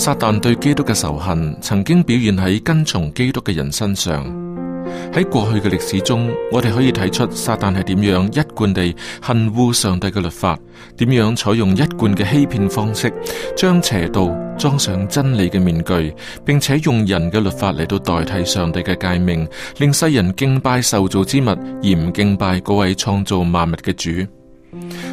撒旦對基督嘅仇恨，曾經表現喺跟從基督嘅人身上。喺過去嘅歷史中，我哋可以睇出撒旦係點樣一貫地恨惡上帝嘅律法，點樣採用一貫嘅欺騙方式，將邪道裝上真理嘅面具，並且用人嘅律法嚟到代替上帝嘅誡命，令世人敬拜受造之物，而唔敬拜嗰位創造萬物嘅主。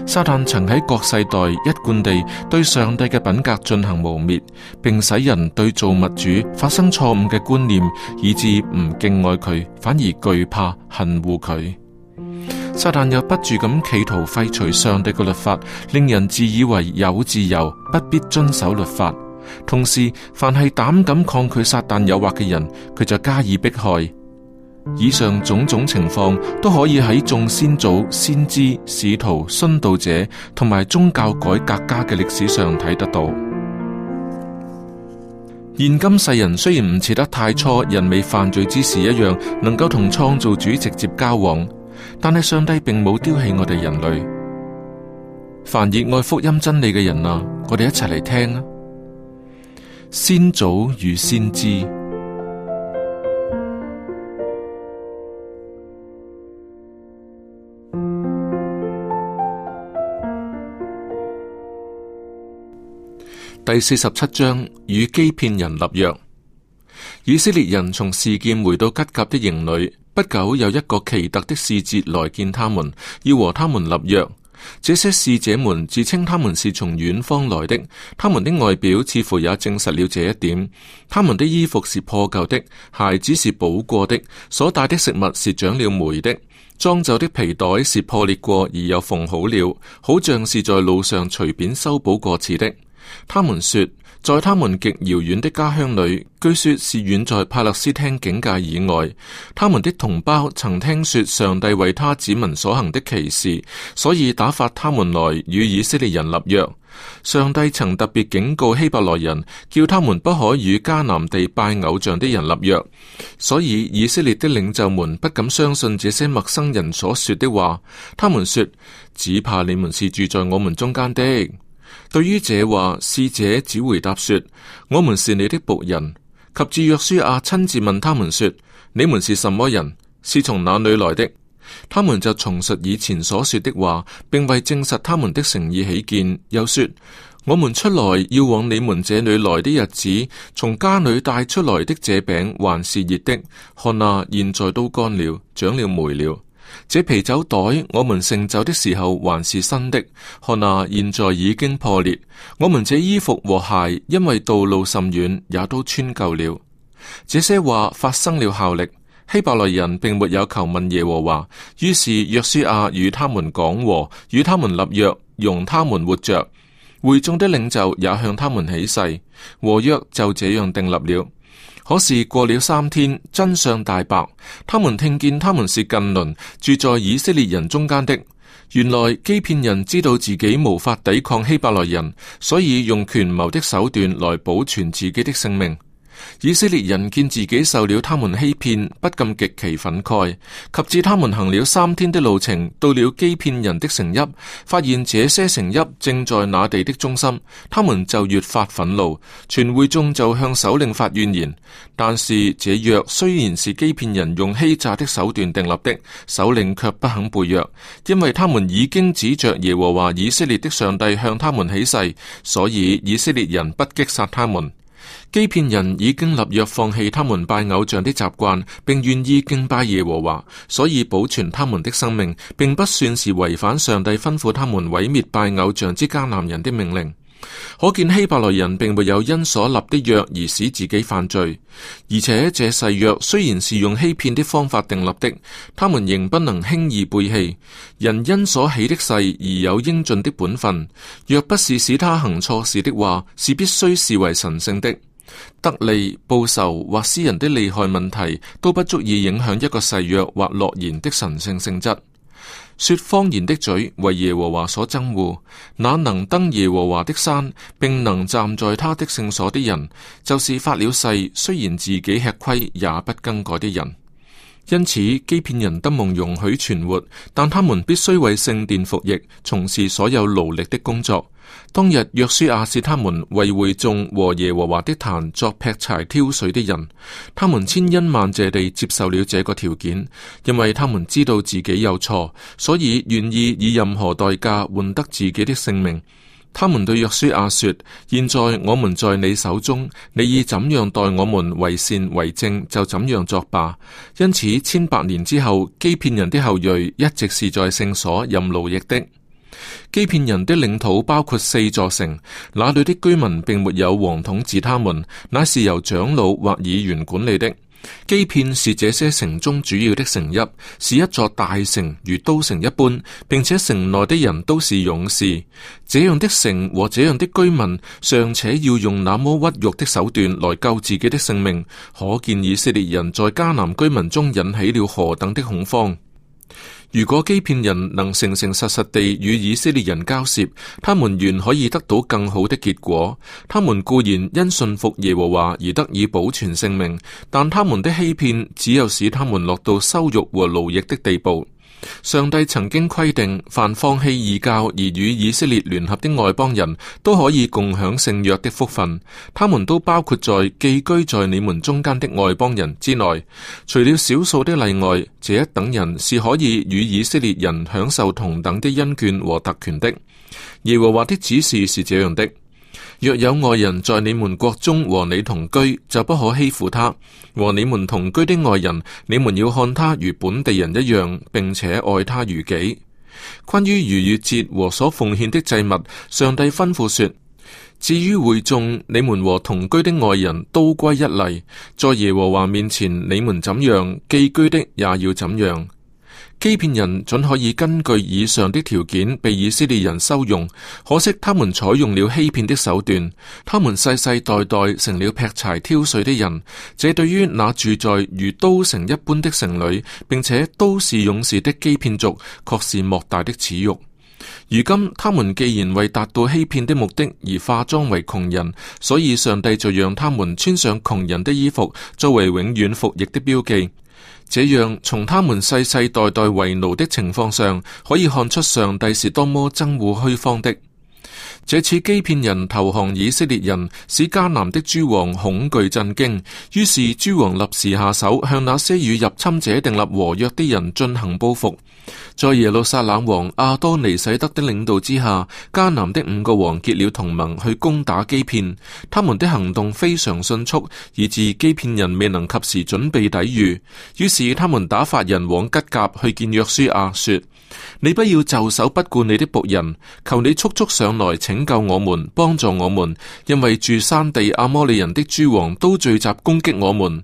撒旦曾喺各世代一貫地對上帝嘅品格進行污衊，並使人對造物主發生錯誤嘅觀念，以致唔敬愛佢，反而懼怕恨惡佢。撒旦又不住咁企圖廢除上帝嘅律法，令人自以為有自由，不必遵守律法。同時，凡係膽敢抗拒撒旦誘惑嘅人，佢就加以迫害。以上種種情況都可以喺眾先祖、先知、使徒、殉道者同埋宗教改革家嘅歷史上睇得到。現今世人雖然唔似得太初人未犯罪之時一樣，能夠同創造主直接交往，但係上帝並冇丟棄我哋人類。凡熱愛福音真理嘅人啊，我哋一齊嚟聽啊！先祖與先知。第四十七章與欺騙人立約。以色列人從事件回到吉甲的營裏不久，有一個奇特的使節來見他們，要和他們立約。這些使者們自稱他們是從遠方來的，他們的外表似乎也證實了這一點。他們的衣服是破舊的，鞋子是補過的，所帶的食物是長了霉的，裝酒的皮袋是破裂過而又縫好了，好像是在路上隨便修補過似的。他們說，在他們極遙遠的家鄉裏，據說是遠在帕勒斯汀境界以外，他們的同胞曾聽說上帝為他子民所行的奇事，所以打發他們來與以色列人立約。上帝曾特別警告希伯來人，叫他們不可與迦南地拜偶像的人立約。所以以色列的領袖們不敢相信這些陌生人所說的話。他們說，只怕你們是住在我們中間的。對於這話，侍者只回答說：我們是你的僕人。及至約書亞親自問他們說：你們是什麼人？是從哪裏來的？他們就重述以前所說的話，並為證實他們的誠意起見，又說：我們出來要往你們這裏來的日子，從家裏帶出來的這餅還是熱的，看啊，現在都乾了，長了霉了。這皮酒袋我們盛酒的時候還是新的，看那，現在已經破裂。我們這衣服和鞋因為道路甚遠，也都穿舊了。這些話發生了效力，希伯來人並沒有求問耶和華，於是約書亞與他們講和，與他們立約，容他們活着。會眾的領袖也向他們起誓，和約就這樣訂立了。可是過了三天，真相大白。他們聽見他們是近鄰，住在以色列人中間的。原來基遍人知道自己無法抵抗希伯來人，所以用權謀的手段來保存自己的性命。以色列人見自己受了他們欺騙，不禁極其憤慨。及至他們行了三天的路程，到了欺騙人的城邑，發現這些城邑正在那地的中心，他們就越發憤怒。全會眾就向首領發怨言。但是這約雖然是欺騙人用欺詐的手段訂立的，首領却不肯背約，因為他們已經指着耶和華以色列的上帝向他們起誓，所以以色列人不擊殺他們。欺騙人已經立約，放棄他們拜偶像的習慣，並願意敬拜耶和華，所以保存他們的生命，並不算是違反上帝吩咐他們毀滅拜偶像之迦南人的命令。可見希伯來人並沒有因所立的約而使自己犯罪，而且這誓約雖然是用欺騙的方法訂立的，他們仍不能輕易背棄。人因所起的誓而有應盡的本分，若不是使他行錯事的話，是必須視為神聖的。得利報仇或私人的利害問題都不足以影響一個誓約或諾言的神聖性質。說謊言的嘴為耶和華所憎惡，那能登耶和華的山，並能站在他的聖所的人，就是發了誓，雖然自己吃虧，也不更改的人。因此，基遍人得蒙容，容許存活，但他們必須為聖殿服役，從事所有勞力的工作。當日，約書亞使他們為會眾和耶和華的壇作劈柴、挑水的人。他們千恩萬謝地接受了這個條件，因為他們知道自己有錯，所以願意以任何代價換得自己的性命。他們對約書亞說：現在我們在你手中，你以怎樣待我們為善為正，就怎樣作吧。因此，千百年之後，基遍人的後裔一直是在聖所任勞役的。基遍人的領土包括四座城，那裏的居民並沒有王統治他們，那是由長老或議員管理的。基遍是這些城中主要的城邑，是一座大城如都城一般，並且城內的人都是勇士。這樣的城和這樣的居民，尚且要用那麼屈辱的手段來救自己的性命，可見以色列人在迦南居民中引起了何等的恐慌。如果基遍人能誠誠實實地與以色列人交涉，他們原可以得到更好的結果。他們固然因信服耶和華而得以保存性命，但他們的欺騙，只有使他們落到羞辱和奴役的地步。上帝曾經規定，凡放棄異教而與以色列聯合的外邦人都可以共享聖約的福分，他們都包括在寄居在你們中間的外邦人之內。除了少數的例外，這一等人是可以與以色列人享受同等的恩眷和特權的。耶和華的指示是這樣的。若有外人在你們國中和你同居，就不可欺負他。和你們同居的外人，你們要看他如本地人一樣，並且愛他如己。關於逾越節和所奉獻的祭物，上帝吩咐說：至於會眾，你們和同居的外人都歸一例，在耶和華面前，你們怎樣寄居的，也要怎樣。基遍人準可以根據以上的條件被以色列人收容，可惜他們採用了欺騙的手段，他們世世代代成了劈柴挑水的人。這對於那住在如都城一般的城裏，並且都是勇士的基遍族，確是莫大的恥辱。如今他們既然為達到欺騙的目的而化妝為窮人，所以上帝就讓他們穿上窮人的衣服，作為永遠服役的標記。這樣，從他們世世代代為奴的情況上，可以看出上帝是多麼憎惡虛方的。這次基遍人投降以色列人，使迦南的諸王恐懼震驚。於是諸王立時下手，向那些與入侵者訂立和約的人進行報復。在耶路撒冷王亞多尼洗德的領導之下，迦南的五個王結了同盟去攻打基遍。他們的行動非常迅速，以致基遍人未能及時準備抵禦。於是他們打發人往吉甲去見約書亞，說。你不要袖手不顧你的僕人，求你速速上來拯救我們，幫助我們。因為住山地阿摩利人的諸王都聚集攻擊我們，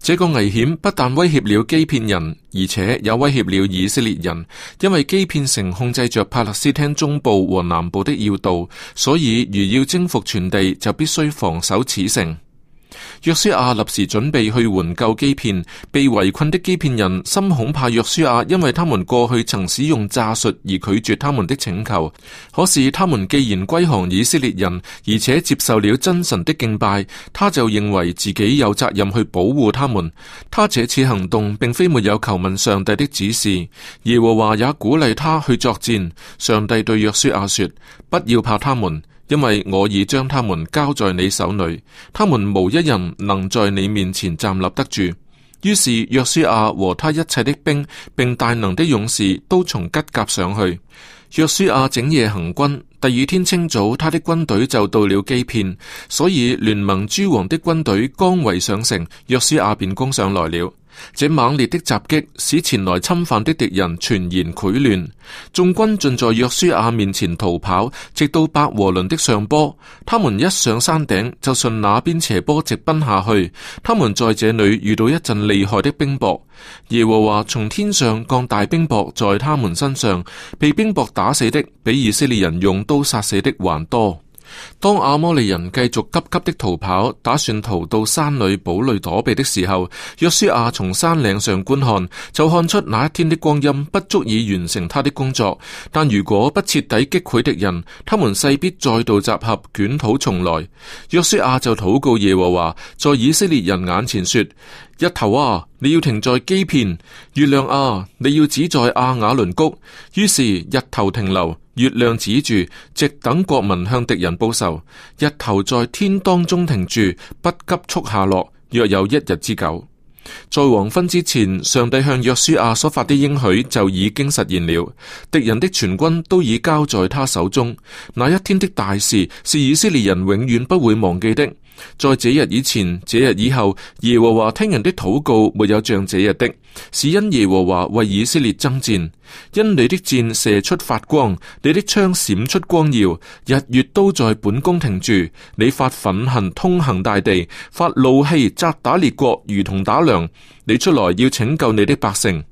這個危險不但威脅了基遍人，而且也威脅了以色列人。因為基遍城控制着巴勒斯坦中部和南部的要道，所以如要征服全地，就必須防守此城。約書亞立時準備去援救基遍。被圍困的基遍人，深恐怕約書亞因為他們過去曾使用詐術而拒絕他們的請求。可是他們既然歸降以色列人，而且接受了真神的敬拜，他就認為自己有責任去保護他們。他這次行動並非沒有求問上帝的指示，耶和華也鼓勵他去作戰。上帝對約書亞說：不要怕他們。因為我已將他們交在你手裏，他們無一人能在你面前站立得住。於是約書亞和他一切的兵並大能的勇士都從吉甲上去。約書亞整夜行軍，第二天清早，他的軍隊就到了基遍。所以聯盟諸王的軍隊剛圍上城，約書亞便攻上來了。這猛烈的襲擊使前來侵犯的敵人全然潰亂，眾軍盡在約書亞面前逃跑，直到伯和崙的上坡。他們一上山頂，就順那邊斜坡直奔下去。他們在這裏遇到一陣厲害的冰雹，耶和華從天上降大冰雹在他們身上，被冰雹打死的比以色列人用刀殺死的還多。當阿摩利人繼續急急的逃跑，打算逃到山裏堡壘躲避的時候，約書亞從山嶺上觀看，就看出那一天的光陰不足以完成他的工作。但如果不徹底擊潰敵人，他們勢必再度集合，捲土重來。約書亞就禱告耶和華，在以色列人眼前說：日頭啊，你要停在基遍；月亮啊，你要止在阿、啊、瓦倫谷。於是日頭停留，月亮止住，直等國民向敵人報仇。日頭在天當中停住，不急速下落，約有一日之久。在黃昏之前，上帝向約書亞、啊、所發的應許就已經實現了。敵人的全軍都已交在他手中。那一天的大事是以色列人永遠不會忘記的。在這日以前、這日以後，耶和華聽人的禱告，沒有像這日的，是因耶和華為以色列爭戰，因你的箭射出發光，你的槍閃出光耀，日月都在本宮停住，你發憤恨通行大地，發怒氣責打列國，如同打糧，你出來要拯救你的百姓。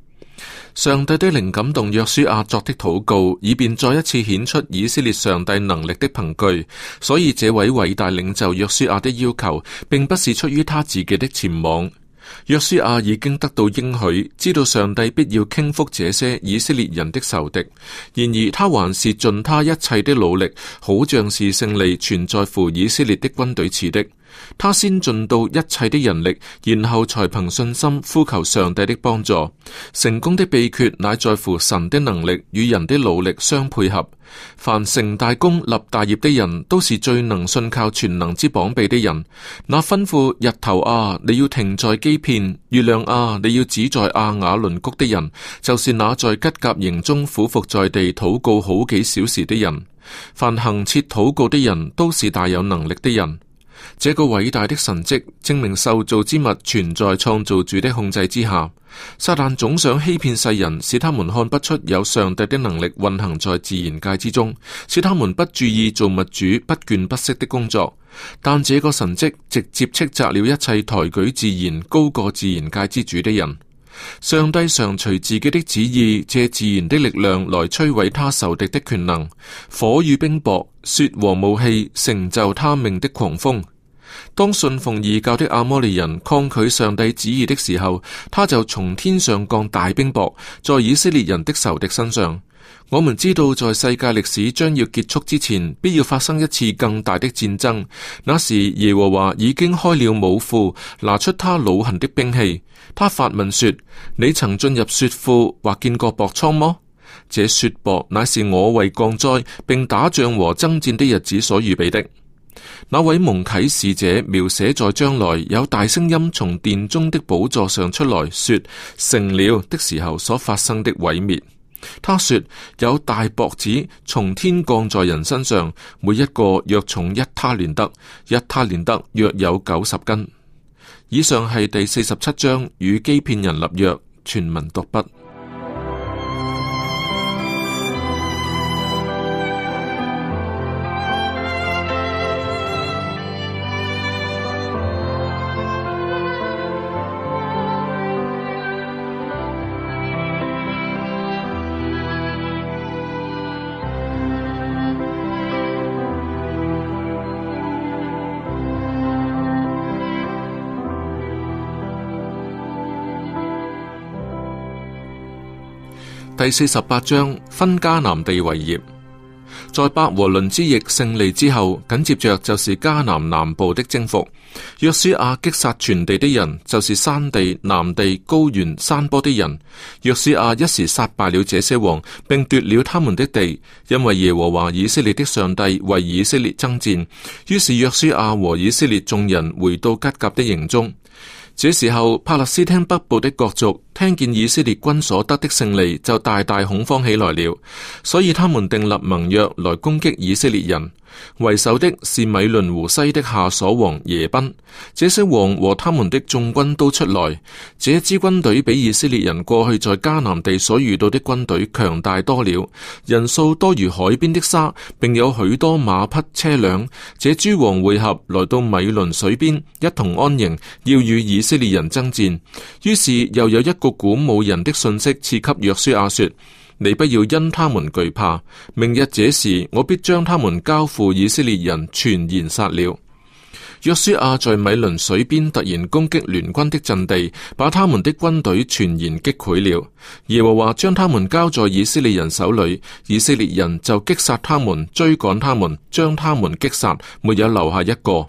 上帝的靈感動約書亞作的禱告，以便再一次顯出以色列上帝能力的憑據。所以這位偉大領袖約書亞的要求，並不是出於他自己的僭妄。約書亞已經得到應許，知道上帝必要傾覆這些以色列人的仇敵。然而，他還是盡他一切的努力，好像是勝利存在乎以色列的軍隊似的。他先盡到一切的人力，然後才憑信心呼求上帝的幫助。成功的秘訣乃在乎神的能力與人的努力相配合。凡成大功立大業的人，都是最能信靠全能之膀臂的人。那吩咐日頭啊，你要停在基遍；月亮啊，你要止在阿、啊、瓦倫谷的人，就是那在吉甲營中俯伏，伏在地禱告好幾小時的人。凡行切禱告的人，都是大有能力的人。這個偉大的神蹟證明受造之物存在創造主的控制之下。撒旦總想欺騙世人，使他們看不出有上帝的能力運行在自然界之中，使他們不注意造物主不倦不息的工作。但這個神蹟直接斥責了一切抬舉自然高過自然界之主的人。上帝常隨自己的旨意借自然的力量來摧毀他仇敵的權能，火與冰雹、雪和霧氣，成就他命的狂風。當信奉異教的阿摩利人抗拒上帝旨意的時候，他就從天上降大冰雹在以色列人的仇敵身上。我們知道，在世界歷史將要結束之前，必要發生一次更大的戰爭。那時，耶和華已經開了武庫，拿出他惱恨的兵器。他發問說：你曾進入雪庫或見過雹倉嗎？這雪雹乃是我為降災並打仗和爭戰的日子所預備的。那位蒙啟使者描寫在將來有大聲音從殿中的寶座上出來，說成了的時候所發生的毀滅。他說有大雹子從天降在人身上，每一個約重一他連得，一他連得約有九十斤。以上係第四十七章與欺騙人立約，全文讀畢。第四十八章分，迦南地為業，在伯和倫之役勝利之後，緊接着就是迦南南部的征服。約書亞擊殺全地的人，就是山地、南地、高原、山坡的人。約書亞一時殺敗了這些王，並奪了他們的地，因為耶和華以色列的上帝為以色列爭戰。於是約書亞和以色列眾人回到吉甲的營中。這時候，帕勒斯汀北部的各族聽見以色列軍所得的勝利，就大大恐慌起來了，所以他們訂立盟約來攻擊以色列人。為首的是米倫湖西的夏瑣王耶賓，這些王和他們的眾軍都出來，這支軍隊比以色列人過去在迦南地所遇到的軍隊強大多了，人數多如海邊的沙，並有許多馬匹車輛。這諸王會合來到米倫水邊，一同安營，要與以色列人爭戰。於是又有一個鼓舞人的信息賜給約書亞說。你不要因他們懼怕，明日這時我必將他們交付以色列人，全然殺了。約書亞在米倫水邊突然攻擊聯軍的陣地，把他們的軍隊全然擊潰了。耶和華將他們交在以色列人手裏，以色列人就擊殺他們，追趕他們，將他們擊殺，沒有留下一個。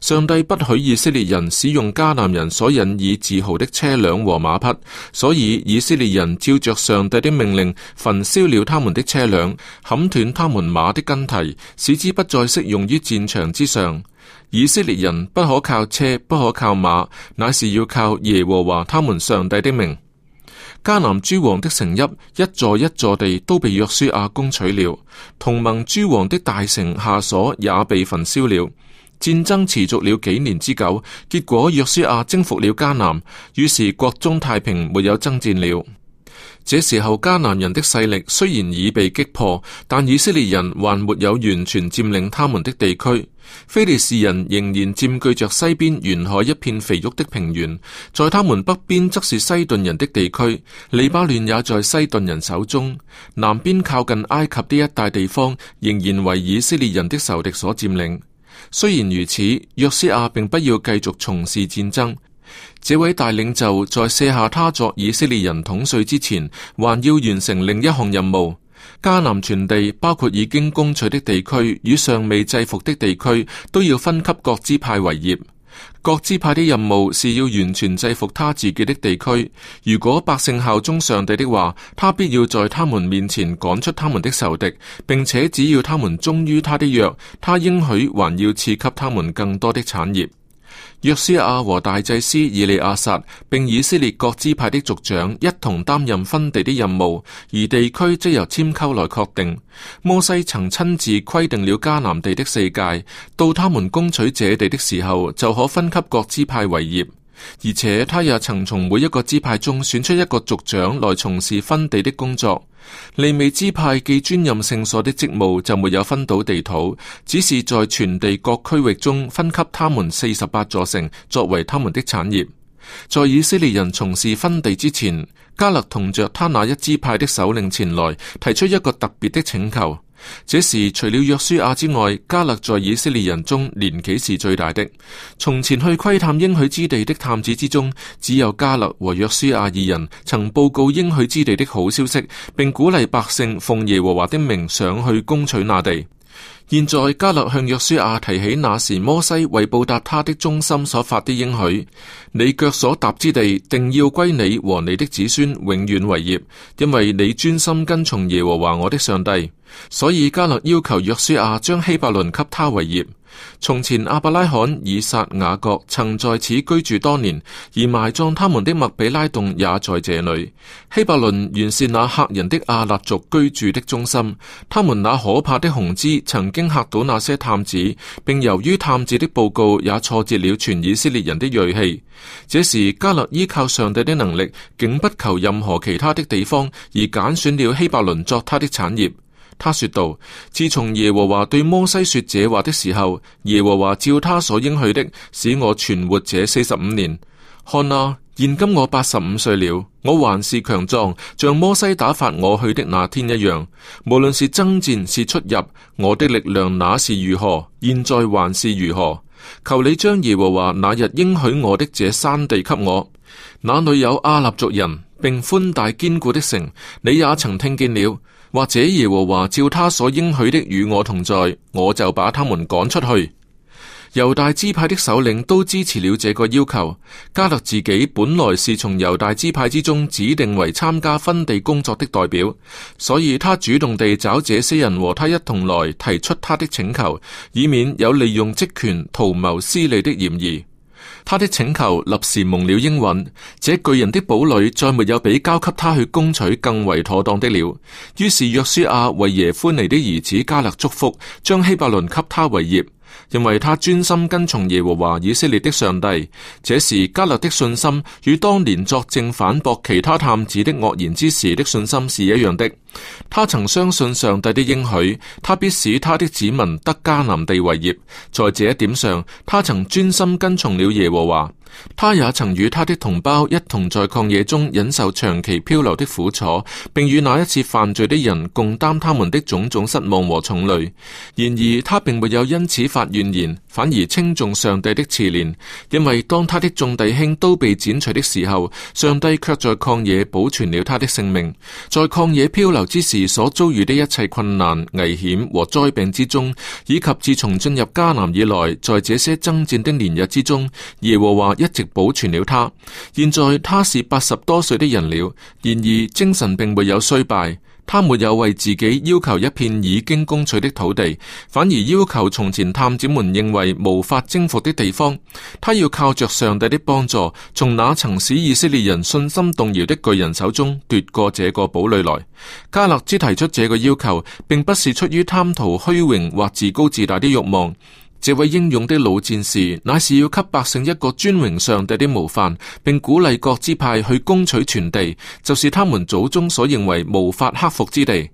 上帝不許以色列人使用迦南人所引以自豪的車輛和馬匹，所以以色列人照着上帝的命令焚燒了他們的車輛，砍斷他們馬的蹄筋，使之不再適用於戰場之上。以色列人不可靠車，不可靠馬，乃是要靠耶和華他們上帝的名。迦南諸王的城邑一座一座地都被約書亞攻取了，同盟諸王的大城夏瑣也被焚燒了。戰爭持續了幾年之久，結果約書亞征服了迦南，於是國中太平，沒有爭戰了。這時候，迦南人的勢力雖然已被擊破，但以色列人還沒有完全佔領他們的地區。非利士人仍然佔據着西邊沿海一片肥沃的平原，在他們北邊則是西頓人的地區，利巴嫩也在西頓人手中。南邊靠近埃及的一帶地方仍然為以色列人的仇敵所佔領。雖然如此，約書亞並不要繼續從事戰爭。這位大領袖在卸下他作以色列人統帥之前，還要完成另一項任務：迦南全地，包括已經攻取的地區與尚未制服的地區，都要分給各支派為業。各支派的任務是要完全制服他自己的地區。如果百姓效忠上帝的話，他必要在他們面前趕出他們的仇敵，並且只要他們忠於他的約，他應許還要賜給他們更多的產業。約書亞和大祭司以利亞撒，並以色列各支派的族長一同擔任分地的任務，而地區則由簽鬮來確定。摩西曾親自規定了迦南地的四界，到他們攻取這地的時候，就可分給各支派為業。而且他也曾從每一個支派中選出一個族長來從事分地的工作。利未支派既專任聖所的職務，就沒有分到地土，只是在全地各區域中分給他們四十八座城作為他們的產業。在以色列人從事分地之前，加勒同着他那一支派的首領前來，提出一個特別的請求。這時，除了約書亞之外，加勒在以色列人中年紀是最大的。從前去窺探應許之地的探子之中，只有加勒和約書亞二人曾報告應許之地的好消息，並鼓勵百姓奉耶和華的名上去攻取那地。現在加勒向約書亞提起那時摩西為報答他的忠心所發的應許：你腳所踏之地，定要歸你和你的子孫永遠為業，因為你專心跟從耶和華我的上帝。所以加勒要求約書亞將希伯倫給他為業。從前，亞伯拉罕、以撒、雅各曾在此居住多年，而埋葬他們的麥比拉洞也在這裏。希伯倫原是那嚇人的亞衲族居住的中心，他們那可怕的雄姿曾經嚇到那些探子，並由於探子的報告也挫折了全以色列人的銳氣。這時，加勒依靠上帝的能力，竟不求任何其他的地方，而揀選了希伯倫作他的產業。他說道：自從耶和華對摩西說這話的時候，耶和華照他所應許的，使我存活這四十五年。看啊，現今我八十五歲了，我還是強壯，像摩西打發我去的那天一樣。無論是爭戰是出入，我的力量那是如何，現在還是如何。求你將耶和華那日應許我的這山地給我，那裏有阿納族人，並寬大堅固的城，你也曾聽見了。或者耶和華照他所應許的與我同在，我就把他們趕出去。猶大支派的首領都支持了這個要求。加勒自己本來是從猶大支派之中指定為參加分地工作的代表，所以他主動地找這些人和他一同來提出他的請求，以免有利用職權圖謀私利的嫌疑。他的請求立時蒙了應允，這巨人的堡壘再沒有比交給他去攻取更為妥當的了。於是約書亞、啊、為耶夫尼的兒子加勒祝福，將希伯倫給他為業。因為他專心跟從耶和華以色列的上帝，這時加勒的信心，與當年作證反駁其他探子的惡言之時的信心是一樣的。他曾相信上帝的應許，他必使他的子民得迦南地為業。在這一點上，他曾專心跟從了耶和華。他也曾與他的同胞一同在曠野中忍受長期漂流的苦楚，並與那一次犯罪的人共擔他們的種種失望和重累。然而，他並沒有因此發怨言，反而稱頌上帝的慈憐，因為當他的眾弟兄都被剪除的時候，上帝卻在曠野保存了他的性命。在曠野漂流之時所遭遇的一切困難、危險和災病之中，以及自從進入迦南以來，在這些爭戰的年日之中，耶和華。一直保存了他，現在他是八十多歲的人了，然而精神並沒有衰敗。他沒有為自己要求一片已經攻取的土地，反而要求從前探子們認為無法征服的地方。他要靠着上帝的幫助，從那曾使以色列人信心動搖的巨人手中奪過這個堡壘來。加勒茲提出這個要求，並不是出於貪圖虛榮或自高自大的慾望。這位英勇的老戰士，乃是要給百姓一個尊榮上帝的模範，並鼓勵各支派去攻取全地，就是他們祖宗所認為無法克服之地。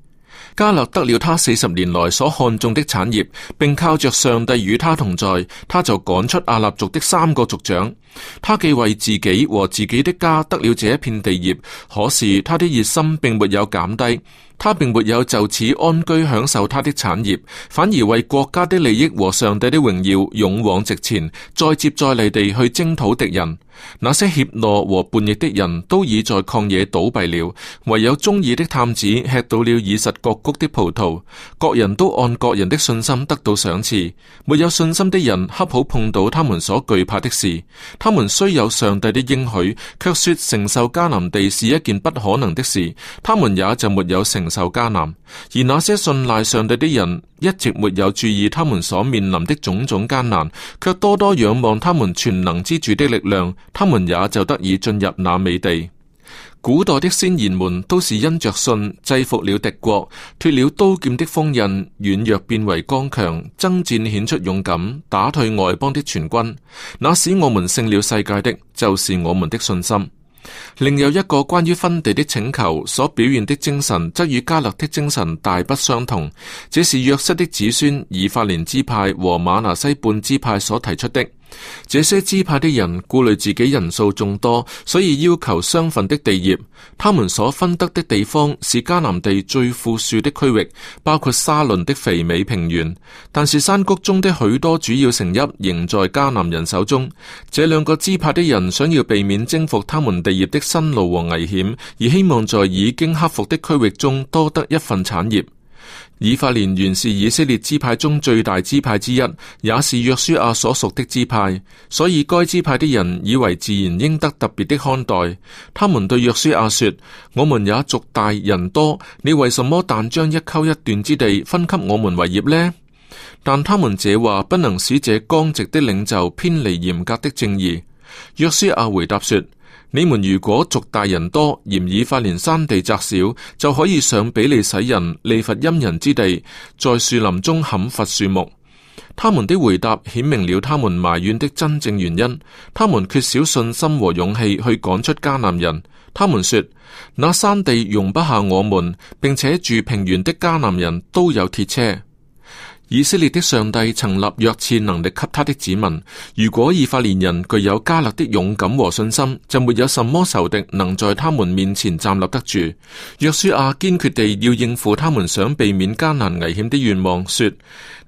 迦勒得了他四十年來所看重的產業，並靠着上帝與他同在，他就趕出亞納族的三個族長。他既為自己和自己的家得了這一片地業，可是他的熱心並沒有減低。他並沒有就此安居享受他的產業，反而為國家的利益和上帝的榮耀勇往直前，再接再厲地去征討敵人。那些怯懦和叛逆的人都已在曠野倒閉了，唯有忠義的探子吃到了以實各谷的葡萄。各人都按各人的信心得到賞賜。沒有信心的人恰好碰到他們所懼怕的事。他們雖有上帝的應許，卻說承受迦南地是一件不可能的事。他們也就沒有承受迦南。而那些信賴上帝的人，一直沒有注意他們所面臨的種種艱難，卻多多仰望他們全能之主的力量。他們也就得以進入那美地。古代的先賢們都是因着信制服了敵國，脱了刀劍的鋒刃，軟弱變為剛強，征戰顯出勇敢，打退外邦的全軍。那使我們勝了世界的，就是我們的信心。另有一個關於分地的請求，所表現的精神則與加勒的精神大不相同。這是約瑟的子孫以法蓮支派和瑪拿西半支派所提出的。這些支派的人顧慮自己人數眾多，所以要求雙份的地業。他們所分得的地方是迦南地最富庶的區域，包括沙崙的肥美平原。但是山谷中的許多主要城邑仍在迦南人手中。這兩個支派的人想要避免征服他們地業的辛勞和危險，而希望在已經克服的區域中多得一份產業。以法蓮原是以色列支派中最大支派之一，也是約書亞所屬的支派，所以該支派的人以為自然應得特別的看待。他們對約書亞說：我們也族大人多，你為什麼但將一鬮一段之地分給我們為業呢？但他們這話不能使這剛直的領袖偏離嚴格的正義。約書亞回答說：你們如果族大人多，嫌以法蓮山地窄小，就可以上比利洗人、利乏音人之地，在樹林中砍伐樹木。他們的回答顯明了他們埋怨的真正原因，他們缺少信心和勇氣去趕出迦南人。他們說：那山地容不下我們，並且住平原的迦南人都有鐵車。以色列的上帝曾立約賜能力給他的子民。如果以法蓮人具有迦勒的勇敢和信心，就沒有什麼仇敵能在他們面前站立得住。約書亞堅決地要應付他們想避免艱難危險的願望，說：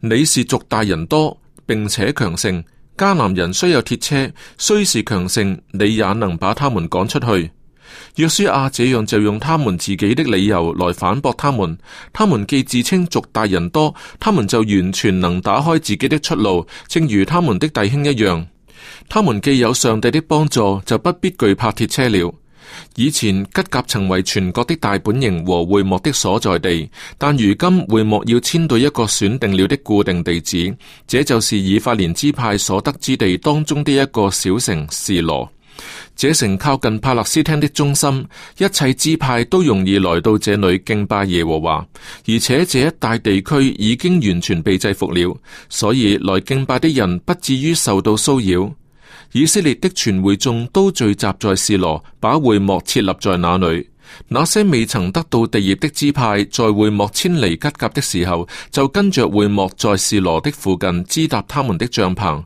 你是族大人多，並且強盛；迦南人雖有鐵車，雖是強盛，你也能把他們趕出去。約書亞這樣就用他們自己的理由來反駁他們。他們既自稱族大人多，他們就完全能打開自己的出路，正如他們的弟兄一樣。他們既有上帝的幫助，就不必懼怕鐵車了。以前吉甲曾為全國的大本營和會幕的所在地，但如今會幕要遷到一個選定了的固定地址，這就是以法蓮支派所得之地當中的一個小城示羅。這城靠近帕勒斯汀的中心，一切支派都容易來到這裏敬拜耶和華。而且這一帶地區已經完全被制服了，所以來敬拜的人不至於受到騷擾。以色列的全會眾都聚集在士羅，把會幕設立在那裏。那些未曾得到地業的支派，在會幕遷離吉甲的時候，就跟着會幕在士羅的附近支搭他們的帳棚。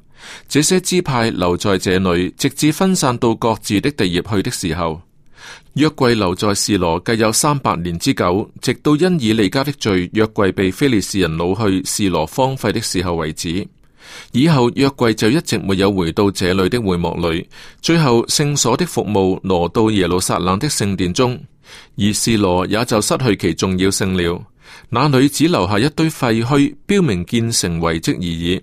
這些支派留在這裏，直至分散到各自的地業去的時候。約櫃留在示羅，計有三百年之久，直到因以利家的罪，約櫃被非利士人擄去，示羅荒廢的時候為止。以後約櫃就一直沒有回到這裏的會幕裏，最後聖所的服務挪到耶路撒冷的聖殿中，而示羅也就失去其重要性了。那裏只留下一堆廢墟，標明建成遺迹而已。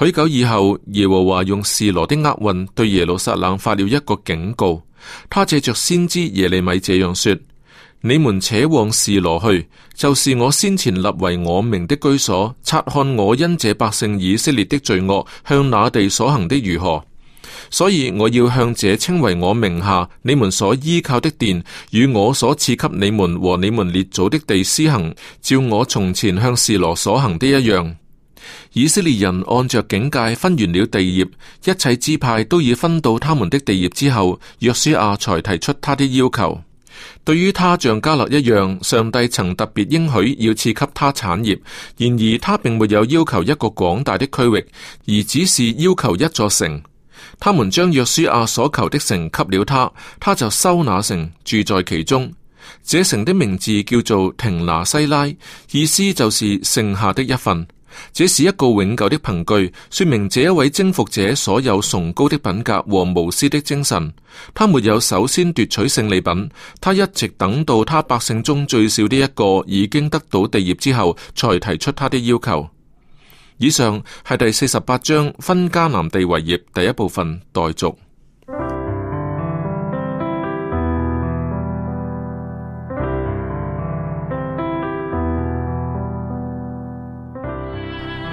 許久以後，耶和華用示羅的厄運對耶路撒冷發了一個警告。他借着先知耶利米這樣說：你們且往示羅去，就是我先前立為我名的居所，察看我因這百姓以色列的罪惡，向那地所行的如何。所以我要向這稱為我名下、你們所依靠的殿，與我所賜給你們和你們列祖的地施行，照我從前向示羅所行的一樣。以色列人按着境界分完了地業，一切支派都已分到他們的地業之後，約書亞才提出他的要求。對於他像迦勒一樣，上帝曾特別應許要賜給他產業。然而他並沒有要求一個廣大的區域，而只是要求一座城。他們將約書亞所求的城給了他，他就收納城住在其中。這城的名字叫做亭拿西拉，意思就是剩下的一份。這是一個永久的憑據，說明這一位征服者所有崇高的品格和無私的精神。他沒有首先奪取勝利品，他一直等到他百姓中最小的一個已經得到地業之後，才提出他的要求。以上係第四十八章分迦南地為業第一部分待續。